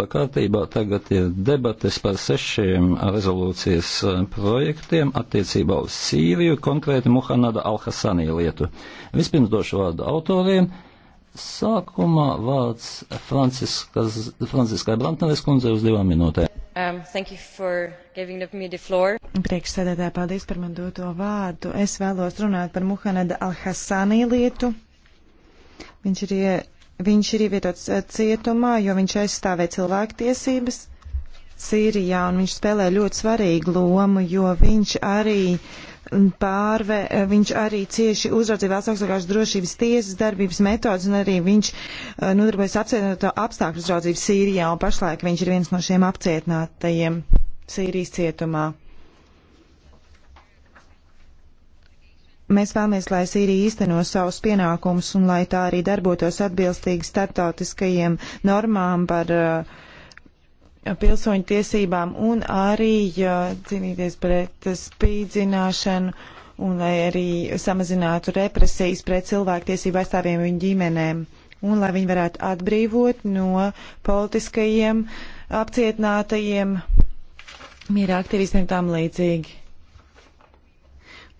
darba kārtībā tagad ir debates par sešiem rezolūcijas eh, projektiem attiecībā uz Sīriju, konkrēti Muhanada Alhasanī lietu. Vispirms došu vārdu autoriem. Sākumā vārds Franciskai Brantneres kundzei uz divām minūtēm. Um, Priekšsēdētāji, paldies par man doto vārdu. Es vēlos runāt par Muhanada Alhasanī lietu. Viņš ir Viņš ir ievietots eh, cietumā, jo viņš aizstāvēja cilvēktiesības Sīrijā, un viņš spēlē ļoti svarīgu lomu, jo viņš arī mm, pārve, eh, viņš arī cieši uzraudzīja valsts augstākās drošības tiesas darbības metodas, un arī viņš eh, nodarbojas apcietināto apstākļu uzraudzību Sīrijā, un pašlaik viņš ir viens no šiem apcietinātajiem Sīrijas cietumā. Mēs vēlamies, lai Sīrija īsteno savus pienākumus un lai tā arī darbotos atbilstīgi starptautiskajiem normām par uh, pilsoņu tiesībām un arī uh, cīnīties pret spīdzināšanu un lai arī samazinātu represijas pret cilvēktiesību aizstāvjiem viņu ģimenēm un lai viņi varētu atbrīvot no politiskajiem apcietinātajiem miera aktivistiem tam līdzīgi.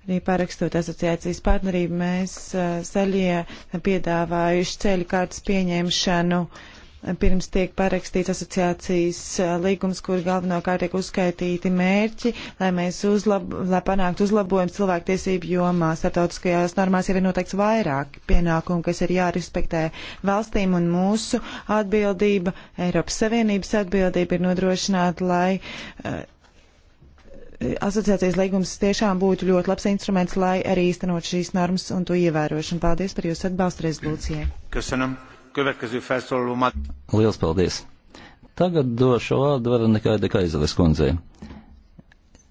Arī pārakstot asociācijas partnerību, mēs zaļie piedāvājuši ceļu kārtas pieņemšanu pirms tiek parakstīts asociācijas līgums, kur galvenokārt tiek uzskaitīti mērķi, lai mēs uzlab, lai panāktu uzlabojumu cilvēktiesību jomā. Startautiskajās normās ir noteikts vairāk pienākumu, kas ir jārespektē valstīm un mūsu atbildība, Eiropas Savienības atbildība ir nodrošināt, lai uh, asociācijas līgums tiešām būtu ļoti labs instruments, lai arī īstenot šīs normas un to ievērošanu. Paldies par jūsu atbalstu rezolūcijai. Lielas paldies! Tagad došu vārdu Veronikai Dekaizeles kundzei.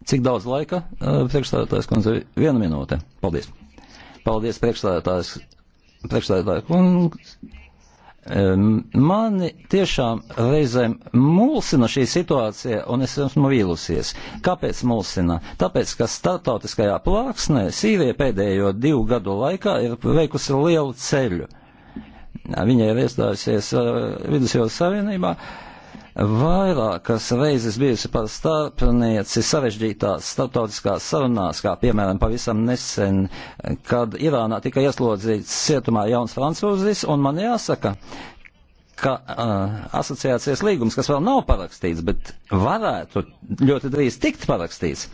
Cik daudz laika? Priekšstādātājs kundze, viena minūte. Paldies! Paldies priekšstādātājs, priekšstādātāja kundzei Mani tiešām reizēm mulsina šī situācija, un es esmu vīlusies. Kāpēc mulsina? Tāpēc, ka startautiskajā plāksnē Sīrija pēdējo divu gadu laikā ir veikusi lielu ceļu. Viņa ir iestājusies uh, Vidusjūras Savienībā, uh, vairākas reizes bijusi par starpnieci sarežģītās starptautiskās sarunās, kā piemēram pavisam nesen, kad Irānā tika ieslodzīts cietumā jauns francūzis, un man jāsaka, ka uh, asociācijas līgums, kas vēl nav parakstīts, bet varētu ļoti drīz tikt parakstīts,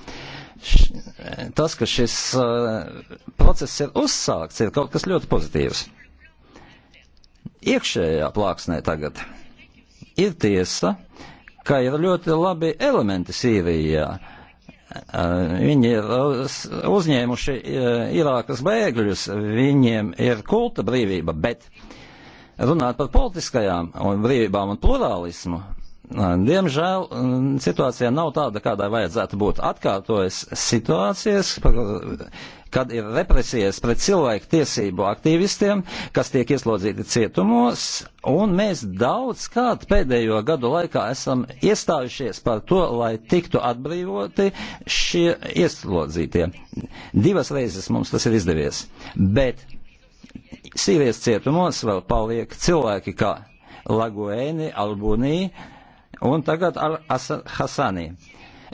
š, tas, ka šis uh, process ir uzsākts, ir kaut kas ļoti pozitīvs. Iekšējā plāksnē tagad. Uh, Ir tiesa, ka ir ļoti labi elementi Sīrijā. Viņi ir uzņēmuši e, Irākas bēgļus, viņiem ir kulta brīvība, bet runāt par politiskajām un brīvībām un plurālismu, diemžēl situācija nav tāda, kādai vajadzētu būt. Atkārtojas situācijas, par kad ir represijas pret cilvēku tiesību aktīvistiem, kas tiek ieslodzīti cietumos, un mēs daudz kārt pēdējo gadu laikā esam iestājušies par to, lai tiktu atbrīvoti šie ieslodzītie. Divas reizes mums tas ir izdevies, bet Sīrijas cietumos vēl paliek cilvēki kā Laguēni, Albūnī un tagad ar Hasanī.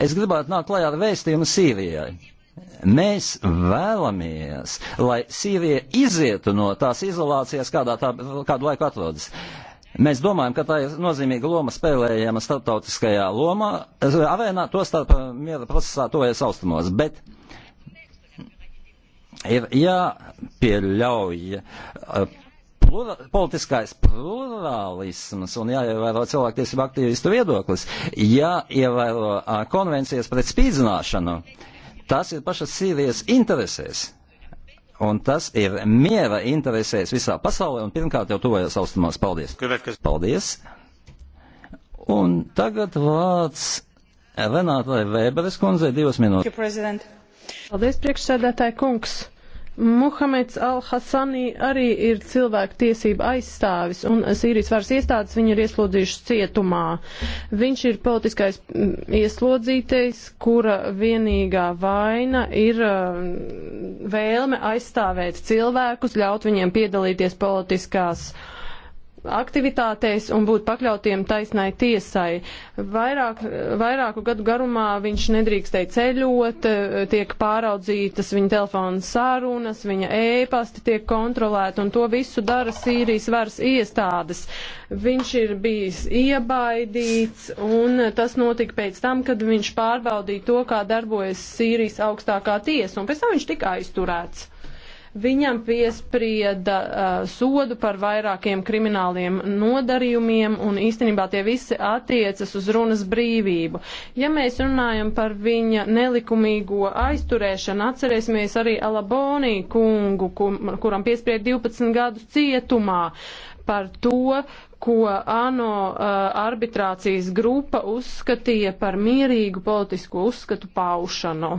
Es gribētu nākt klajā ar vēstījumu Sīrijai Mēs vēlamies, lai Sīrija izietu no tās izolācijas, kādā tā kādu laiku atrodas. Mēs domājam, ka tā ir nozīmīga loma spēlējama starptautiskajā lomā, arēnā, to starp miera procesā tojas austrumos, bet ir jāpieļauj uh, plura, politiskais plurālisms un jāievēro cilvēktiesību aktīvistu viedoklis, jāievēro uh, konvencijas pret spīdzināšanu. Uh, Tas ir pašas Sīrijas interesēs. Un tas ir miera interesēs visā pasaulē un pirmkārt jau tuvojas austrumos. Paldies! Paldies! Un tagad vārds Renātai Vēberes kundzei divas minūtes. Paldies, priekšsēdētāji kungs! Muhameds Al-Hasani arī ir cilvēku tiesība aizstāvis, un Sīrijas varas iestādes viņu ir ieslodzījušas cietumā. Viņš ir politiskais mm, ieslodzītais, kura vienīgā vaina ir mm, vēlme aizstāvēt cilvēkus, ļaut viņiem piedalīties politiskās uh, aktivitātēs un būt pakļautiem taisnai tiesai. Vairāk, vairāku gadu garumā viņš nedrīkstēja ceļot, tiek pāraudzītas viņa telefona sarunas, viņa ēpasti tiek kontrolēti un to visu dara Sīrijas varas iestādes. Viņš ir bijis iebaidīts un tas notika pēc tam, kad viņš pārbaudīja to, kā darbojas Sīrijas augstākā tiesa un pēc tam viņš tika aizturēts. Viņam piesprieda uh, sodu par vairākiem krimināliem nodarījumiem, un īstenībā tie visi attiecas uz runas brīvību. Ja mēs runājam par viņa nelikumīgo aizturēšanu, atcerēsimies arī Alabonī kungu, kur, kuram piesprieda 12 gadus cietumā par to, ko ANO uh, arbitrācijas grupa uzskatīja par mierīgu politisko uzskatu paušanu.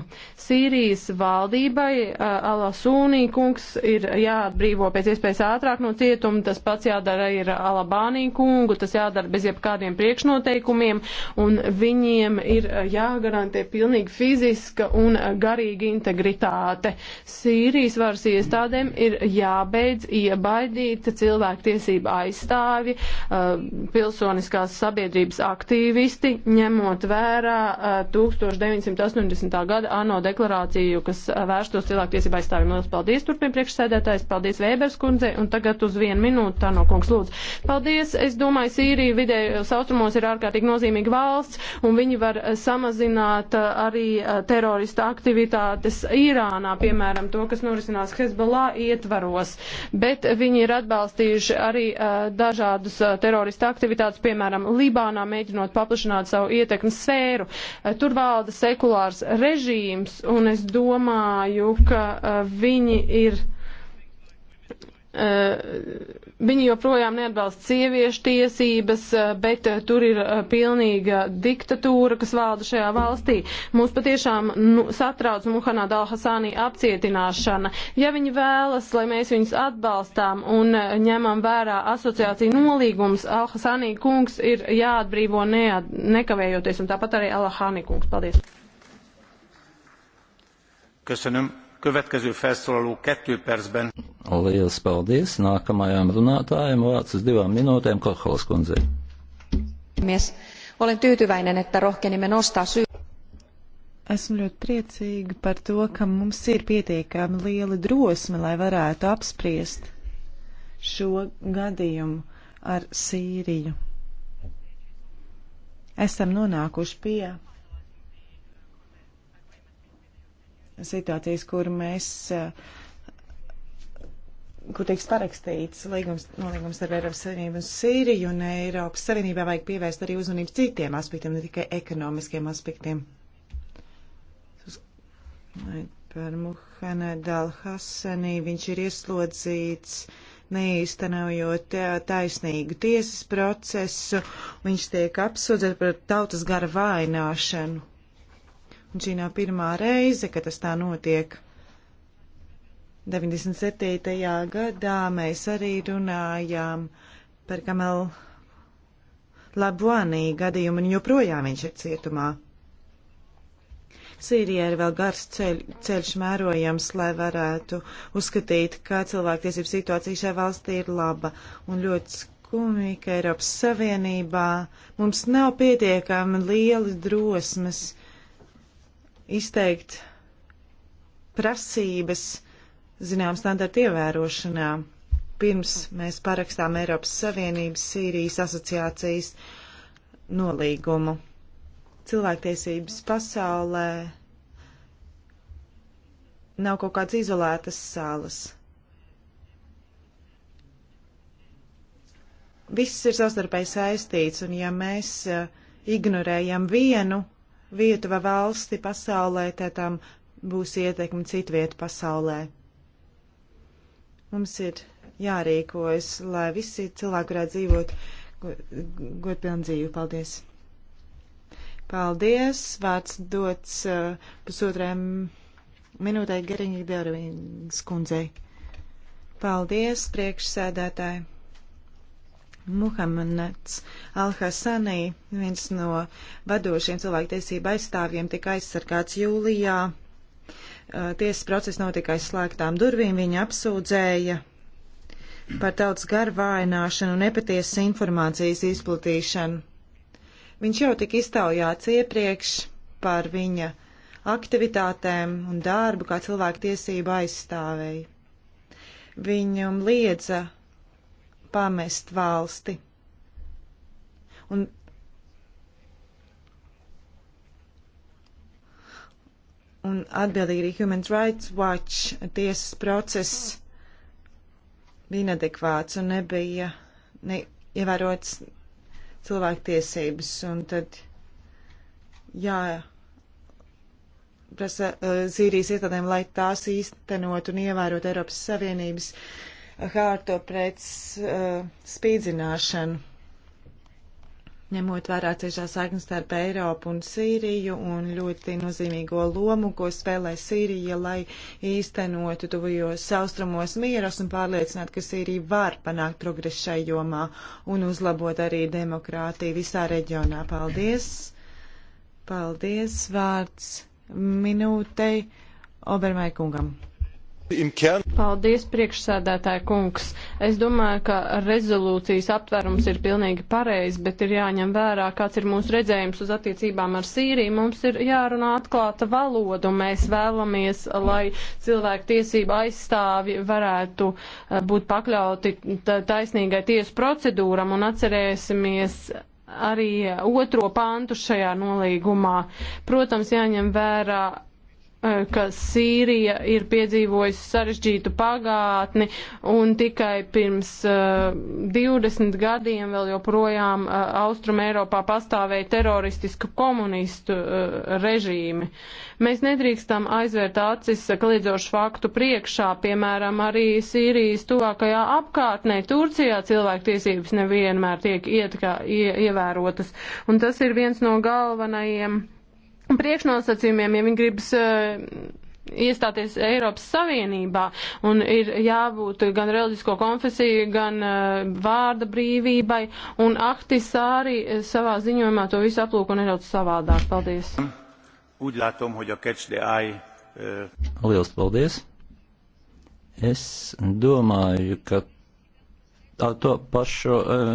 Sīrijas valdībai uh, Alasūnī kungs ir jāatbrīvo pēc iespējas ātrāk no cietuma, tas pats jādara ir Alabānī kungu, tas jādara bez jebkādiem priekšnoteikumiem, un viņiem ir uh, jāgarantē pilnīgi fiziska un garīga integritāte. Sīrijas varas iestādēm ir jābeidz iebaidīt cilvēktiesību tiesība aizstāvi, uh, pilsoniskās sabiedrības aktīvisti, ņemot vērā 1980. Uh, gada ANO deklarāciju, kas uh, vērstos cilvēktiesību aizstāvjiem. Lielas paldies, turpin priekšsēdētājs, paldies Vēbers kundze, un tagad uz vienu minūtu tā no kungs lūdzu. Paldies, es domāju, Sīrija vidējos austrumos ir ārkārtīgi nozīmīga valsts, un viņi var samazināt arī terorista aktivitātes Irānā, piemēram, to, kas norisinās Hezbollah ietvaros, bet viņi ir atbalstījuši arī arī uh, dažādas uh, terorista aktivitātes, piemēram, Libānā mēģinot paplašināt savu ietekmes sfēru. Uh, tur valda sekulārs režīms, un es domāju, ka uh, viņi ir. Uh, Viņi joprojām neatbalsta sieviešu tiesības, eh, bet eh, tur ir eh, pilnīga diktatūra, kas valda šajā valstī. Mūs patiešām nu, satrauc Muhanāda Alhasānī apcietināšana. Ja viņi vēlas, lai mēs viņus atbalstām un ņemam vērā asociāciju nolīgums, Alhasānī kungs ir jāatbrīvo neat, nekavējoties, un tāpat arī Alhānī kungs. Paldies! Köszönöm. Következő felszólaló kettő percben. Lielas paldies. Nākamajām runātājiem vārds uz divām minūtēm Korholas kundzei. Mies. Olen tyytyväinen, että rohkenimme nostaa syy. Esmu ļoti priecīga par to, ka mums ir pietiekami liela drosme, lai varētu apspriest šo gadījumu ar Sīriju. Esam nonākuši pie situācijas, kur mēs, eh, kur tiks parakstīts līgums, nolīgums ar Eiropas Savienību un Sīriju, un Eiropas Savienībā vajag pievērst arī uzmanību citiem aspektiem, ne tikai ekonomiskiem aspektiem. Par Muhamed Al-Hassanī viņš ir ieslodzīts neīstenojot eh, taisnīgu tiesas procesu, viņš tiek apsūdzēts par tautas gara vaināšanu. Un šī nav pirmā reize, kad tas tā notiek. 97. gadā mēs arī runājām par Kamelu Labuanī gadījumu, un joprojām viņš ir cietumā. Sīrijā ir vēl gars ceļ, ceļš mērojams, lai varētu uzskatīt, ka cilvēktiesību situācija šajā valstī ir laba un ļoti skumji, ka Eiropas Savienībā mums nav pietiekami lieli drosmes izteikt prasības zinām standartu ievērošanā, pirms mēs parakstām Eiropas Savienības Sīrijas asociācijas nolīgumu. Cilvēktiesības pasaulē nav kaut kādas izolētas salas. Viss ir savstarpēji saistīts, un ja mēs eh, ignorējam vienu vietu vai valsti pasaulē, tad tam būs ietekme citu vietu pasaulē. Mums ir jārīkojas, lai visi cilvēki varētu dzīvot godpilnu dzīvi. Paldies! Paldies! Vārds dots uh, pusotrajam minūtē Geriņa Dēriņas kundzei. Paldies, priekšsēdētāji! Muhameds Al-Hasanī, viens no vadošiem cilvēktiesība aizstāvjiem, tika aizsargāts jūlijā. Uh, tiesas process notika aizslēgtām durvīm, viņa apsūdzēja par tautas garvājināšanu un nepatiesas informācijas izplatīšanu. Viņš jau tika iztaujāts iepriekš par viņa aktivitātēm un darbu kā cilvēktiesība aizstāvēja. Viņam liedza pamest valsti. Un un atbildīgi arī Human Rights Watch tiesas process bija inadekvāts un nebija neievērots cilvēktiesības. Un tad, jā, prasa uh, eh, Zīrijas iestādēm, lai tās īstenot un ievērot Eiropas Savienības uh, hārto pret uh, spīdzināšanu, ņemot vērā ciešā saikne starp Eiropu un Sīriju un ļoti nozīmīgo lomu, ko spēlē Sīrija, lai īstenotu tuvajos austrumos mieras un pārliecināt, ka Sīrija var panākt progresu šai jomā un uzlabot arī demokrātiju visā reģionā. Paldies! Paldies! Vārds minūtei Obermai kungam. Paldies, priekšsēdētāja kungs. Es domāju, ka rezolūcijas aptvērums ir pilnīgi pareizs, bet ir jāņem vērā, kāds ir mūsu redzējums uz attiecībām ar Sīriju. Mums ir jārunā atklāta valoda, un mēs vēlamies, lai cilvēku tiesība aizstāvi varētu eh, būt pakļauti taisnīgai tiesu procedūram, un atcerēsimies arī otro pantu šajā nolīgumā. Protams, jāņem vērā Eh, ka Sīrija ir piedzīvojusi sarežģītu pagātni un tikai pirms uh, eh, 20 gadiem vēl joprojām uh, Austrum Eiropā pastāvēja teroristisku komunistu uh, režīmi. Mēs nedrīkstam aizvērt acis kliedzošu faktu priekšā, piemēram, arī Sīrijas tuvākajā apkārtnē Turcijā cilvēktiesības nevienmēr tiek ietkā, ie, ievērotas. Un tas ir viens no galvenajiem priekšnosacījumiem, ja viņi gribas eh, iestāties Eiropas Savienībā un ir jābūt gan reliģisko konfesiju, gan uh, vārda brīvībai, un Ahtis arī eh, savā ziņojumā to visu aplūko nedaudz savādāk. Paldies! Úgy látom, hogy a kecsdeáj... Uh... Liels paldies! Es domāju, ka ar to pašu uh,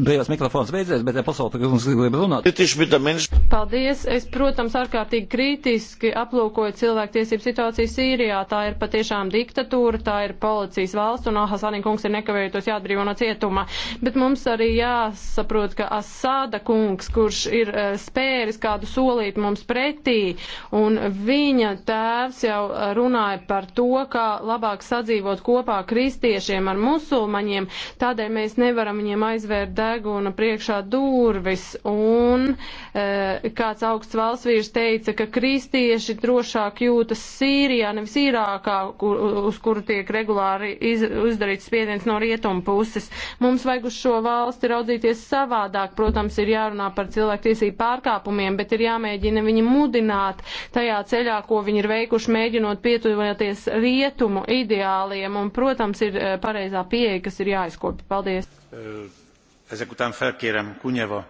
brīvās mikrofons beidzies, bet ja pasauli, kas mums grib runāt. Paldies. Es, protams, ārkārtīgi kritiski aplūkoju cilvēktiesību situāciju Sīrijā. Tā ir patiešām diktatūra, tā ir policijas valsts, un Alhasanī kungs ir nekavējotos jāatbrīvo no cietuma. Bet mums arī jāsaprot, ka Asāda kungs, kurš ir uh, spēris kādu solīt mums pretī, un viņa tēvs jau eh, runāja par to, kā labāk sadzīvot kopā kristiešiem ar musulmaņiem, Tādēļ mēs nevaram viņiem aizvērt deguna priekšā durvis. Un e, kāds augsts valstsvīrs teica, ka kristieši drošāk jūtas Sīrijā, nevis Irākā, kur, uz kuru tiek regulāri iz, uzdarīts spiediens no rietumu puses. Mums vajag uz šo valsti raudzīties savādāk. Protams, ir jārunā par cilvēktiesību pārkāpumiem, bet ir jāmēģina viņi mudināt tajā ceļā, ko viņi ir veikuši, mēģinot pietuvoties rietumu ideāliem. Un, protams, ir e, pareizā pieeja, kas ir jāizko kopi. Paldies! Eh, Ezekutām felkieram Kuņeva.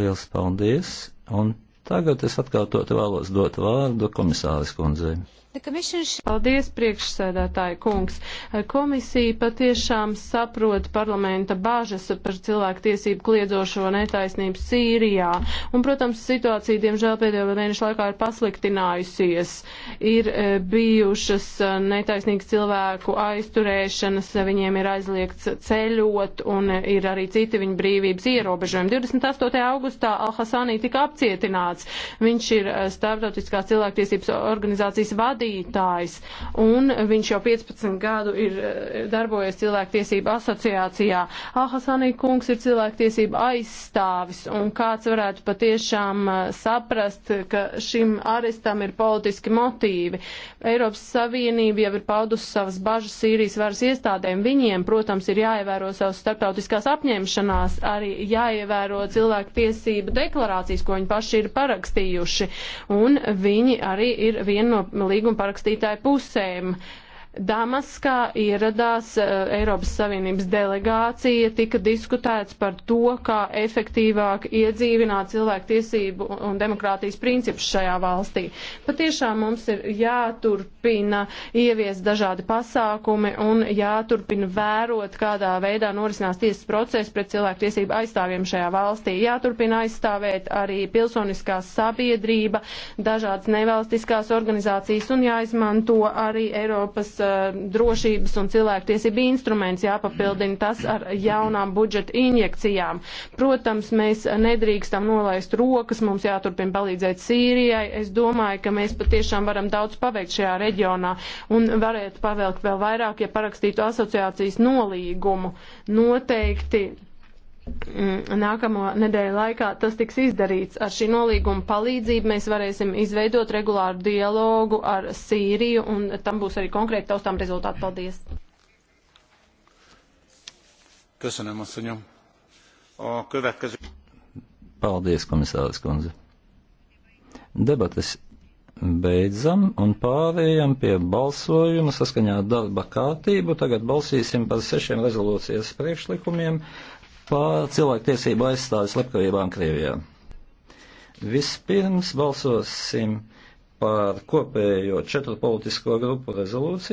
Liels paldies! Un tagad es atkārtot vēlos dot vārdu komisāris kundzei. Paldies, priekšsēdētāji kungs. Komisija patiešām saprot parlamenta bāžas par cilvēktiesību kliedzošo netaisnību Sīrijā. Un, protams, situācija, diemžēl, pēdējo mēnešu laikā ir pasliktinājusies. Ir e, bijušas e, netaisnīgas cilvēku aizturēšanas, e, viņiem ir aizliegts ceļot un ir arī citi viņa brīvības ierobežojumi. 28. augustā Al-Hasanī tika apcietināts. Viņš ir starptautiskās cilvēktiesības organizācijas vadītājs vadītājs, un viņš jau 15 gadu ir eh, darbojies cilvēktiesība asociācijā. Alhasanī kungs ir cilvēktiesība aizstāvis, un kāds varētu patiešām eh, saprast, ka šim arestam ir politiski motīvi. Eiropas Savienība jau ir paudusi savas bažas Sīrijas varas iestādēm. Viņiem, protams, ir jāievēro savas starptautiskās apņemšanās, arī jāievēro cilvēku tiesību deklarācijas, ko viņi paši ir parakstījuši. Un viņi arī ir viena no līguma līguma parakstītāju pusēm. Uh, Damaskā ieradās eh, Eiropas Savienības delegācija, tika diskutēts par to, kā efektīvāk iedzīvināt cilvēktiesību un demokrātijas principus šajā valstī. Patiešām mums ir jāturpina ievies dažādi pasākumi un jāturpina vērot, kādā veidā norisinās tiesas process pret cilvēktiesību aizstāvjiem šajā valstī. Jāturpina aizstāvēt arī pilsoniskā sabiedrība, dažādas nevalstiskās organizācijas un jāizmanto arī Eiropas Uh, drošības un cilvēktiesība instruments jāpapildina tas ar jaunām budžeta injekcijām. Protams, mēs nedrīkstam nolaist rokas, mums jāturpina palīdzēt Sīrijai. Es domāju, ka mēs patiešām varam daudz paveikt šajā reģionā un varētu pavēlkt vēl vairāk, ja parakstītu asociācijas nolīgumu. Noteikti Mm, nākamo nedēļu laikā tas tiks izdarīts. Ar šī nolīguma palīdzību mēs varēsim izveidot regulāru dialogu ar Sīriju, un tam būs arī konkrēti taustām rezultāti. Paldies! Köszönöm, asszonyom. A következő... Paldies, komisāris kundze. Debates beidzam un pārējām pie balsojuma saskaņā darba kārtību. Tagad balsīsim par sešiem rezolūcijas priekšlikumiem pār cilvēktiesību aizstāvis slepkavībām Krievijā. Vispirms balsosim par kopējo četru politisko grupu rezolūciju.